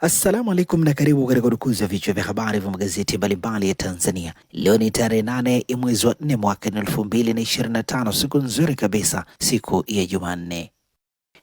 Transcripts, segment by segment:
Assalamu alaikum na karibu katika udukuzi ya vichwa vya habari vya magazeti mbalimbali ya Tanzania. Leo ni tarehe nane ya mwezi wa nne mwaka elfu mbili na ishirini na tano, siku nzuri kabisa, siku ya Jumanne.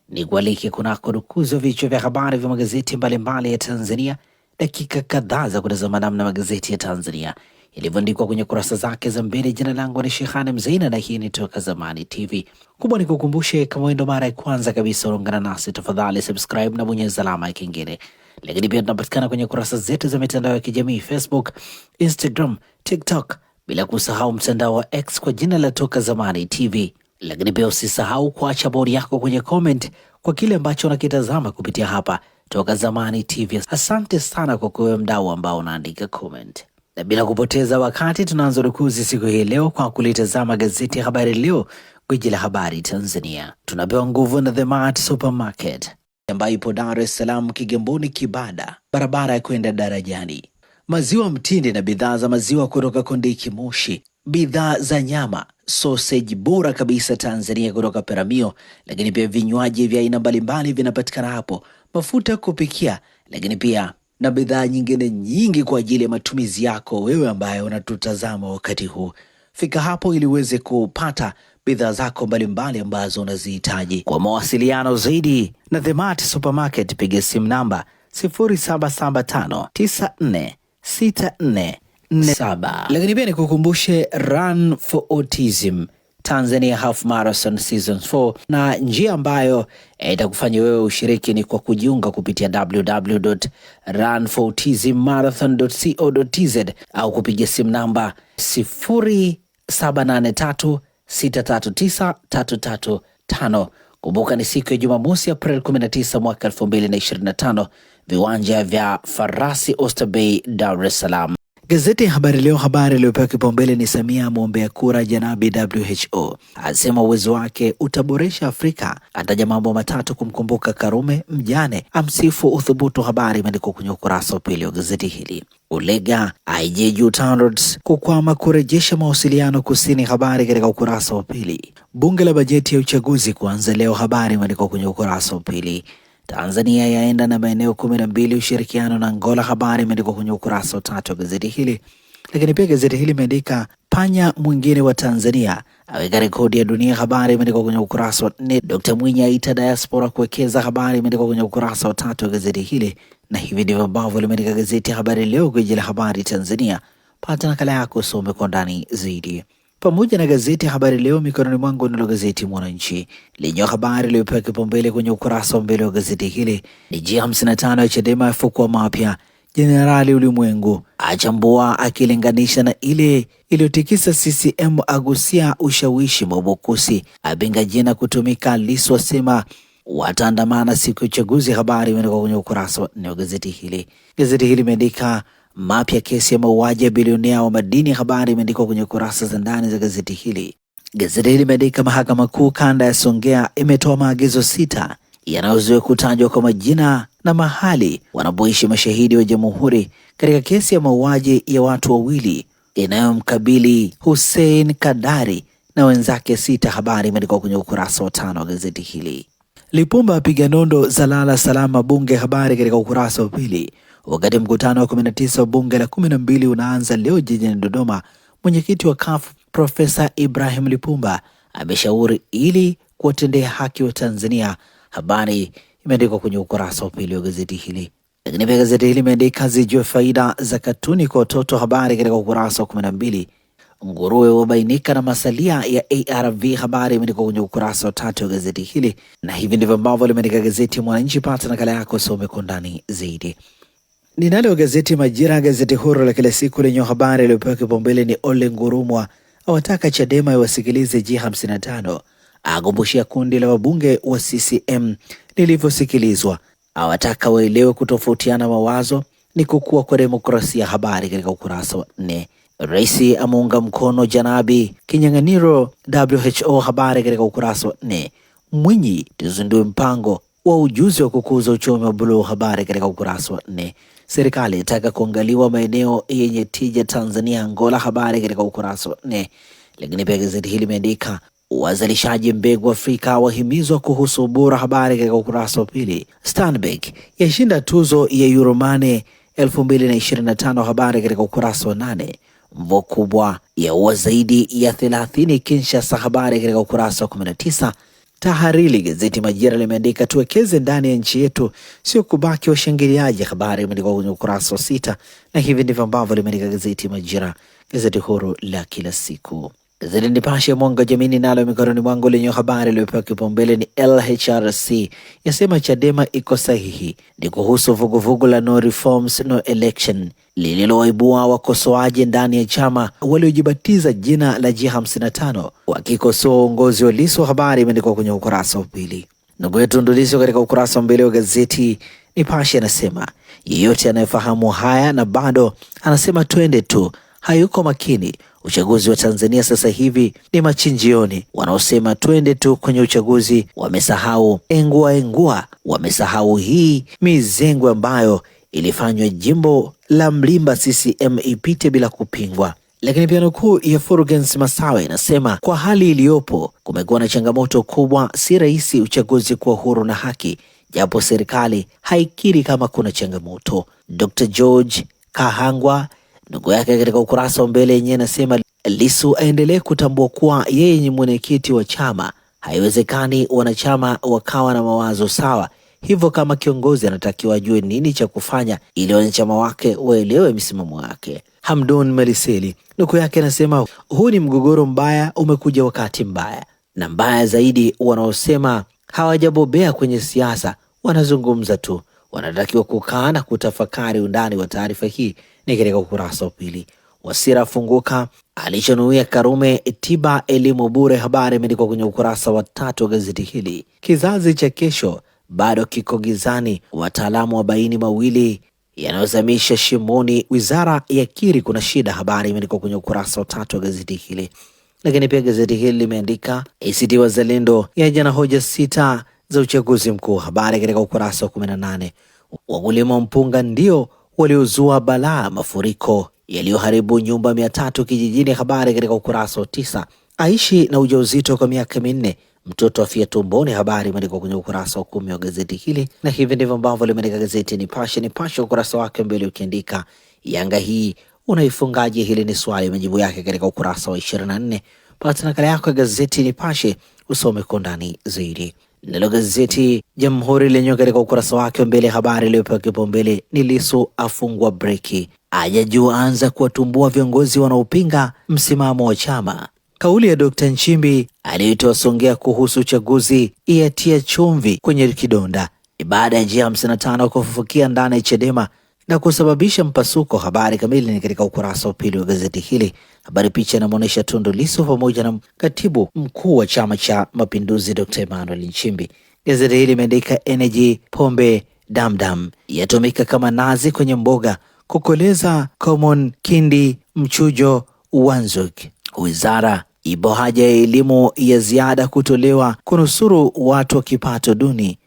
Ni kualike kunako dukuzi ya vichwa vya habari vya magazeti mbalimbali ya Tanzania, dakika kadhaa za kutazama namna magazeti ya Tanzania ilivyoandikwa kwenye kurasa zake za mbele. Jina langu ni Shehane Mzaina na hii ni Toka Zamani TV. Kubwa ni kukumbushe, kama wewe ndo mara ya kwanza kabisa unaungana nasi, tafadhali subscribe na bonyeza alama ya kengele lakini pia tunapatikana kwenye kurasa zetu za mitandao ya kijamii Facebook, Instagram, TikTok, bila kusahau mtandao wa X kwa jina la Toka Zamani TV. Lakini pia usisahau kuacha bodi yako kwenye comment kwa kile ambacho unakitazama kupitia hapa Toka Zamani TV. Asante sana kwa kuwe mdau ambao unaandika comment, na bila kupoteza wakati tunaanza rukuzi siku hii leo kwa kulitazama gazeti ya Habari Leo, gwiji la habari Tanzania. Tunapewa nguvu na The Mart Supermarket ambayo ipo Dar es Salaam, Kigamboni, Kibada, barabara ya kwenda darajani. Maziwa mtindi na bidhaa za maziwa kutoka Kondiki Moshi, bidhaa za nyama, sausage bora kabisa Tanzania kutoka Peramio, lakini pia vinywaji vya aina mbalimbali vinapatikana hapo, mafuta ya kupikia, lakini pia na bidhaa nyingine nyingi kwa ajili ya matumizi yako wewe ambaye unatutazama wakati huu. Fika hapo ili uweze kupata bidhaa zako mbalimbali ambazo unazihitaji. Kwa mawasiliano zaidi na The Mart Supermarket, piga simu namba 0775946447. Lakini pia nikukumbushe Run for Autism Tanzania Half Marathon Season 4 na njia ambayo eh, itakufanya wewe ushiriki ni kwa kujiunga kupitia www.runforautismmarathon.co.tz au kupiga simu namba 0783 6393355. Kumbuka ni siku ya Jumamosi, April 19 mwaka 2025, viwanja vya Farasi Oysterbay, Dar es Salaam. Gazeti ya Habari Leo, habari iliyopewa kipaumbele ni Samia amwombea kura Janabi WHO, asema uwezo wake utaboresha Afrika, ataja mambo matatu kumkumbuka Karume, mjane amsifu uthubutu. Habari imeandikwa kwenye ukurasa wa pili wa gazeti hili. Ulega aijeju TANROADS kukwama kurejesha mawasiliano kusini, habari katika ukurasa wa pili. Bunge la bajeti ya uchaguzi kuanza leo, habari imeandikwa kwenye ukurasa wa pili. Tanzania yaenda na maeneo kumi na mbili ushirikiano na Angola. Habari imeandikwa kwenye ukurasa wa tatu wa gazeti hili, lakini pia gazeti hili imeandika panya mwingine wa Tanzania aweka rekodi ya dunia. Habari imeandikwa kwenye ukurasa wa nne. Dkt Mwinyi aita diaspora kuwekeza. Habari imeandikwa kwenye ukurasa wa tatu wa gazeti hili, na hivi ndivyo ambavyo limeandika gazeti ya Habari Leo, gwiji la habari Tanzania. Pata nakala yako, usome kwa ndani zaidi pamoja na gazeti Habari Leo mikononi mwangu. Nalo gazeti Mwananchi lenye habari iliyopewa kipaumbele kwenye ukurasa wa mbele wa gazeti hili ni g 55 ya Chadema yafukwa mapya. Jenerali Ulimwengu achambua akilinganisha na ile iliyotikisa CCM, agusia ushawishi Mwabukusi, apinga jina kutumika. Lissu asema wataandamana siku ya uchaguzi. Habari imeandikwa kwenye ukurasa wa nne wa gazeti hili. Gazeti hili imeandika mapya kesi ya mauaji ya bilionea wa madini ya habari imeandikwa kwenye kurasa za ndani za gazeti hili. Gazeti hili limeandika mahakama kuu kanda ya Songea imetoa maagizo sita yanayozuia kutajwa kwa majina na mahali wanapoishi mashahidi wa jamhuri katika kesi ya mauaji ya watu wawili inayomkabili Hussein Kadari na wenzake sita. Habari imeandikwa kwenye ukurasa wa tano wa gazeti hili. Lipumba apiga nondo za lala salama bunge, habari katika ukurasa wa pili. Wakati mkutano wa 19 wa bunge la 12 unaanza leo jijini Dodoma, mwenyekiti wa CUF Profesa Ibrahim Lipumba ameshauri ili kuwatendea haki wa Tanzania. Habari imeandikwa kwenye ukurasa wa pili wa gazeti hili. Lakini pia gazeti hili imeandika zijue faida za katuni kwa watoto, habari katika ukurasa wa 12. Nguruwe wabainika na masalia ya ARV, habari imeandikwa kwenye ukurasa wa tatu wa gazeti hili. Na hivi ndivyo ambavyo limeandika gazeti Mwananchi. Pata nakala yako, some kwa ndani zaidi. Ninalo gazeti Majira, gazeti huru la kila siku lenye habari iliyopewa kipaumbele ni Ole Ngurumwa awataka Chadema iwasikilize G55, agumbushia kundi la wabunge wa CCM lilivyosikilizwa, awataka waelewe kutofautiana mawazo ni kukua kwa demokrasia. Habari katika ukurasa wa nne. Rais ameunga mkono janabi kinyang'aniro WHO. Habari katika ukurasa wa nne. Mwinyi tuzindue mpango wa ujuzi wa kukuza uchumi wa buluu. Habari katika ukurasa wa nne. Serikali yataka kuangaliwa maeneo yenye tija Tanzania, Angola. Habari katika ukurasa wa nne. Lakini pia gazeti hili limeandika wazalishaji mbegu Afrika wahimizwa kuhusu ubora. Habari katika ukurasa wa pili. Stanbic yashinda tuzo ya Euromane 2025. Habari katika ukurasa wa nane. Mvua kubwa yaua zaidi ya 30 Kinshasa. Habari katika ukurasa wa tisa. Tahariri, gazeti Majira limeandika tuwekeze ndani ya nchi yetu, sio kubaki washangiliaji. Habari imeandikwa kwenye ukurasa wa sita, na hivi ndivyo ambavyo limeandika gazeti Majira, gazeti huru la kila siku. Gazeti Nipashe mwanga jamini nalo mikononi mwangu lenye habari iliyopewa kipaumbele ni LHRC yasema Chadema iko sahihi. Ni kuhusu vuguvugu la no reforms no election lililowaibua wakosoaji ndani ya chama waliojibatiza jina la G55 wakikosoa uongozi wa Lissu. Habari imeandikwa kwenye ukurasa wa pili. Ndugu yetu Tundulizo katika ukurasa wa mbele wa gazeti Nipashe anasema yeyote anayefahamu haya na bado anasema twende tu hayuko makini Uchaguzi wa Tanzania sasa hivi ni machinjioni. Wanaosema twende tu kwenye uchaguzi wamesahau engua engua, wamesahau hii mizengo ambayo ilifanywa jimbo la Mlimba CCM ipite bila kupingwa. Lakini pia nukuu ya furgens Masawe inasema kwa hali iliyopo, kumekuwa na changamoto kubwa, si rahisi uchaguzi kuwa huru na haki, japo serikali haikiri kama kuna changamoto. Dr George Kahangwa Ndugu yake katika ukurasa wa mbele yenyewe anasema Lissu aendelee kutambua kuwa yeye ni mwenyekiti wa chama. Haiwezekani wanachama wakawa na mawazo sawa. Hivyo kama kiongozi anatakiwa ajue nini cha kufanya ili wanachama wake waelewe misimamo yake. Hamdon Meliseli nuku yake anasema huu ni mgogoro mbaya, umekuja wakati mbaya, na mbaya zaidi, wanaosema hawajabobea kwenye siasa wanazungumza tu, wanatakiwa kukaa na kutafakari undani wa taarifa hii ni katika ukurasa wa pili. Wasira afunguka alichonuia Karume, tiba elimu bure. Habari imeandikwa kwenye ukurasa wa tatu wa gazeti hili. Kizazi cha kesho bado kiko gizani, wataalamu wabaini mawili yanayozamisha shimoni, wizara ya kiri kuna shida. Habari imeandikwa kwenye ukurasa wa tatu wa gazeti hili. Lakini pia gazeti hili limeandika ACT Wazalendo yaja na hoja sita za uchaguzi mkuu, habari katika ukurasa wa nane. Wakulima mpunga ndio waliozua balaa mafuriko yaliyoharibu nyumba mia tatu kijijini. Habari katika ukurasa wa tisa. Aishi na ujauzito kwa miaka minne mtoto afia tumboni. Habari imeandikwa kwenye ukurasa wa kumi wa gazeti hili, na hivi ndivyo ambavyo limeandika gazeti Nipashe. Nipashe ukurasa wake mbele ukiandika Yanga hii unaifungaje? Hili ni swali, majibu yake katika ukurasa wa 24. Pata nakala yako ya gazeti Nipashe usome kwa undani zaidi. Nalo gazeti Jamhuri lenyewe katika ukurasa wake wa mbele, habari iliyopewa kipaumbele ni lisu afungwa breki, ajajua anza kuwatumbua viongozi wanaopinga msimamo wa chama. Kauli ya Dkt Nchimbi aliyoitoa Songea kuhusu uchaguzi iyatia chumvi kwenye kidonda. Ibada ya njia 55 kufufukia ndani ya Chadema na kusababisha mpasuko. Habari kamili ni katika ukurasa wa pili wa gazeti hili. Habari picha inamwonyesha Tundu Lissu pamoja na katibu mkuu wa Chama cha Mapinduzi Dr. Emmanuel Nchimbi. Gazeti hili imeandika energy pombe damdam yatumika kama nazi kwenye mboga kukoleza common kindi mchujo wanzuk Wizara ipo haja ya elimu ya ziada kutolewa kunusuru watu wa kipato duni.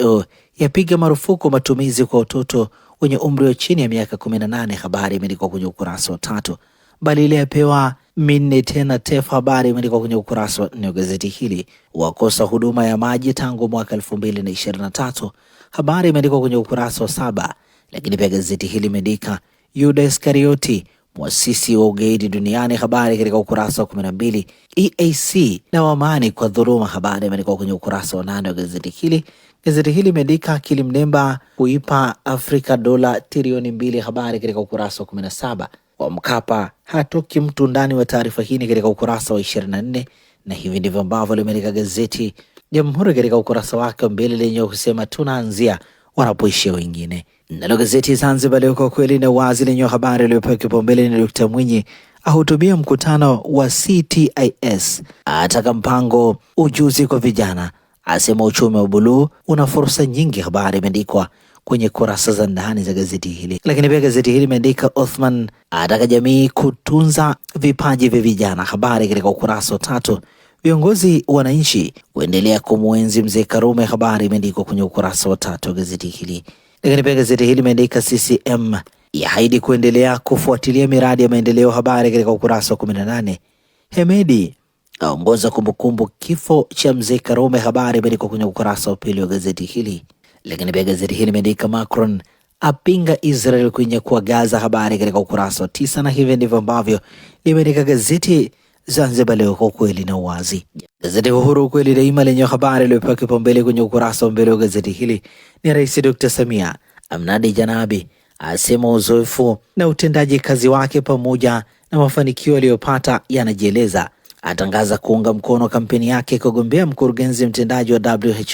WHO yapiga marufuku matumizi kwa watoto wenye umri wa chini ya miaka 18. Habari imeandikwa kwenye ukurasa wa tatu. Bali ile apewa minne tena tefu. Habari imeandikwa kwenye ukurasa wa nne wa gazeti hili. Wakosa huduma ya maji tangu mwaka 2023. Habari imeandikwa kwenye ukurasa wa saba. Lakini pia gazeti hili imeandika Yuda Iskarioti mwasisi wa ugaidi duniani. Habari katika ukurasa wa kumi na mbili. EAC na wamani kwa dhuluma. Habari imeandikwa kwenye ukurasa wa nane wa gazeti hili. Gazeti hili limeandika akili mnemba kuipa Afrika dola trilioni mbili, habari katika ukurasa wa saba Wa Mkapa hatoki mtu ndani wa taarifa hii katika ukurasa wa 24, na hivi ndivyo ambavyo limeandika gazeti Jamhuri katika ukurasa wake wa mbele lenye kusema tunaanzia wanapoishia wengine. Nalo gazeti Zanzibar Leo kwa kweli na wazi lenye habari iliyopewa kipaumbele ni Dkt. Mwinyi ahutubia mkutano wa CTIS, ataka mpango ujuzi kwa vijana asema uchumi wa buluu una fursa nyingi. Habari imeandikwa kwenye kurasa za ndani za gazeti hili, lakini pia gazeti hili imeandika Othman ataka jamii kutunza vipaji vya vijana. Habari katika ukurasa wa tatu. Viongozi wananchi kuendelea kumwenzi mzee Karume. Habari imeandikwa kwenye ukurasa wa tatu wa gazeti hili, lakini pia gazeti hili imeandika CCM yaahidi kuendelea kufuatilia miradi ya maendeleo. Habari katika ukurasa wa 18. Hemedi aongoza kumbukumbu kifo cha mzee Karume. Habari imeandikwa kwenye ukurasa wa pili wa gazeti hili. Lakini pia gazeti hili imeandika Macron apinga Israel kuinyakua Gaza, habari katika ukurasa wa tisa. Na hivi ndivyo ambavyo limeandika gazeti Zanzibar Leo, kwa ukweli na uwazi. Gazeti Uhuru, ukweli daima, lenye habari iliyopewa kipaumbele kwenye ukurasa wa mbele wa gazeti hili ni Rais Dr Samia amnadi Janabi, asema uzoefu na utendaji kazi wake pamoja na mafanikio aliyopata yanajieleza atangaza kuunga mkono kampeni yake kugombea mkurugenzi mtendaji wa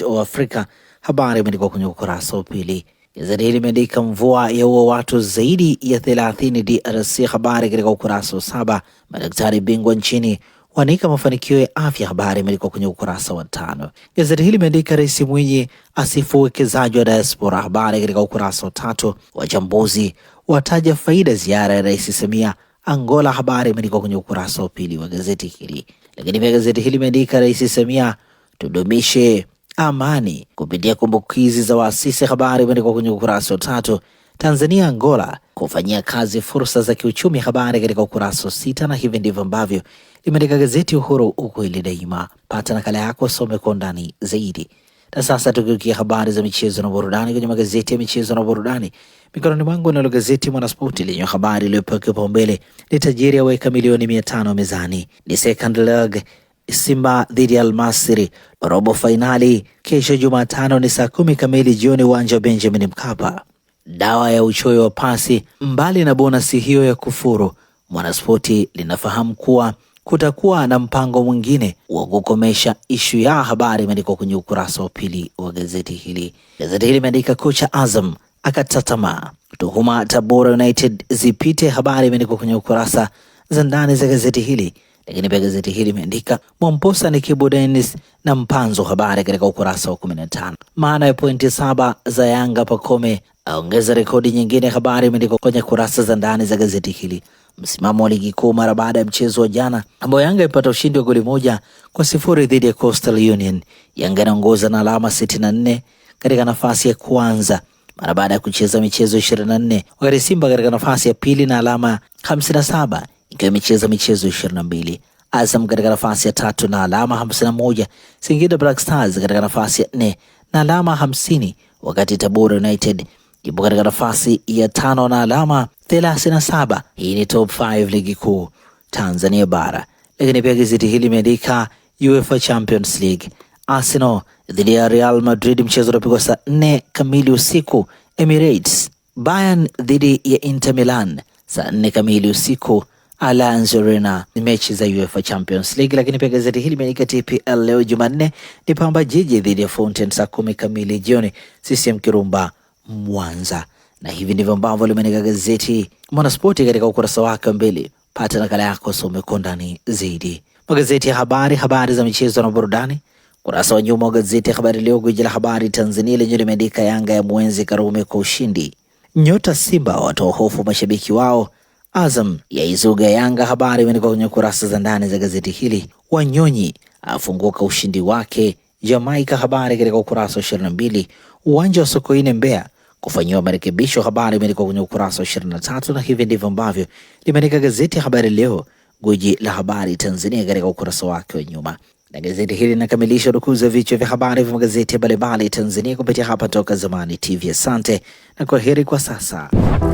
WHO Afrika. Habari imeandikwa kwenye ukurasa wa pili. Gazeti hili limeandika mvua yaua watu zaidi ya 30 DRC. Habari katika ukurasa wa saba. Madaktari bingwa nchini wanika mafanikio ya afya. Habari imeandikwa kwenye ukurasa wa tano. Gazeti hili limeandika Rais Mwinyi asifu uwekezaji wa diaspora. Habari katika ukurasa wa tatu. Wachambuzi wataja faida ziara ya Rais Samia Angola. Habari imeandikwa kwenye ukurasa wa pili wa gazeti hili. Lakini pia gazeti hili imeandika Rais Samia, tudumishe amani kupitia kumbukizi za waasisi. Habari imeandikwa kwenye ukurasa wa tatu. Tanzania Angola kufanyia kazi fursa za kiuchumi, habari katika ukurasa wa sita. Na hivi ndivyo ambavyo limeandika gazeti Uhuru, ukweli daima. Pata nakala yako, some kwa undani zaidi. Na sasa tukiukia habari za michezo na burudani kwenye magazeti ya michezo na burudani mikononi mwangu, nalo gazeti Mwanaspoti lenye habari iliyopewa kipaumbele ni tajiri aweka milioni mia tano mezani, ni second leg Simba dhidi ya Almasri robo fainali kesho Jumatano ni saa kumi kamili jioni, uwanja wa Benjamin Mkapa. Dawa ya uchoyo wa pasi mbali na bonasi hiyo ya kufuru, Mwanaspoti linafahamu kuwa kutakuwa na mpango mwingine wa kukomesha ishu ya habari, imeandikwa kwenye ukurasa wa pili wa gazeti hili. Gazeti hili imeandika kocha Azam akata tamaa, tuhuma Tabora United zipite, habari imeandikwa kwenye ukurasa za ndani za gazeti hili. Lakini pia gazeti hili imeandika Mwamposa ni Kibu Dennis na Mpanzo, habari katika ukurasa wa tano. Maana ya pointi saba za Yanga, Pakome aongeza rekodi nyingine, habari imeandikwa kwenye kurasa za ndani za gazeti hili. Msimamo wa ligi kuu mara baada ya mchezo wa jana ambao Yanga imepata ushindi wa goli moja kwa sifuri dhidi ya Coastal Union. Yanga inaongoza na alama 64 katika nafasi ya kwanza mara baada ya kucheza michezo 24, wakati Simba katika nafasi ya pili na alama 57 ikiwa imecheza michezo 22. Azam katika nafasi ya tatu na alama 51, Singida Black Stars katika nafasi ya nne na alama 50, wakati Tabora United yupo katika nafasi ya tano na alama 37. Hii ni top 5 ligi kuu Tanzania bara. Lakini pia gazeti hili limeandika UEFA Champions League, Arsenal dhidi ya Real Madrid, mchezo unapigwa saa 4 kamili usiku. Emirates, Bayern dhidi ya Inter Milan saa 4 kamili usiku Allianz Arena ni mechi za UEFA Champions League. Lakini pia gazeti hili limeandika TPL leo Jumanne ni Pamba Jiji dhidi ya Fountain saa 10 kamili jioni. CCM Kirumba Mwanza. Na hivi ndivyo ambavyo limeandika gazeti Mwanaspoti katika ukurasa wake mbili. Pata nakala yako, some kwa ndani zaidi. Magazeti ya habari, habari za michezo na burudani. Kurasa wa nyuma wa gazeti ya Habari Leo, gwiji la habari Tanzania, lenyewe limeandika Yanga ya mwenzi Karume kwa ushindi, nyota Simba watoa hofu mashabiki wao, Azam ya izuga Yanga. Habari imeandikwa kwenye kurasa za ndani za gazeti hili. Wanyonyi afunguka ushindi wake Jamaika, habari katika ukurasa wa ishirini na mbili. Uwanja wa Sokoine Mbeya kufanyiwa marekebisho. Habari imeandikwa kwenye ukurasa wa 23 na hivi ndivyo ambavyo limeandika gazeti ya Habari Leo, guji la habari Tanzania, katika ukurasa wake wa nyuma na gazeti hili linakamilisha rukuzi ya vichwa vya habari vya magazeti mbalimbali Tanzania kupitia hapa Toka Zamani TV. Asante na kwaheri kwa sasa.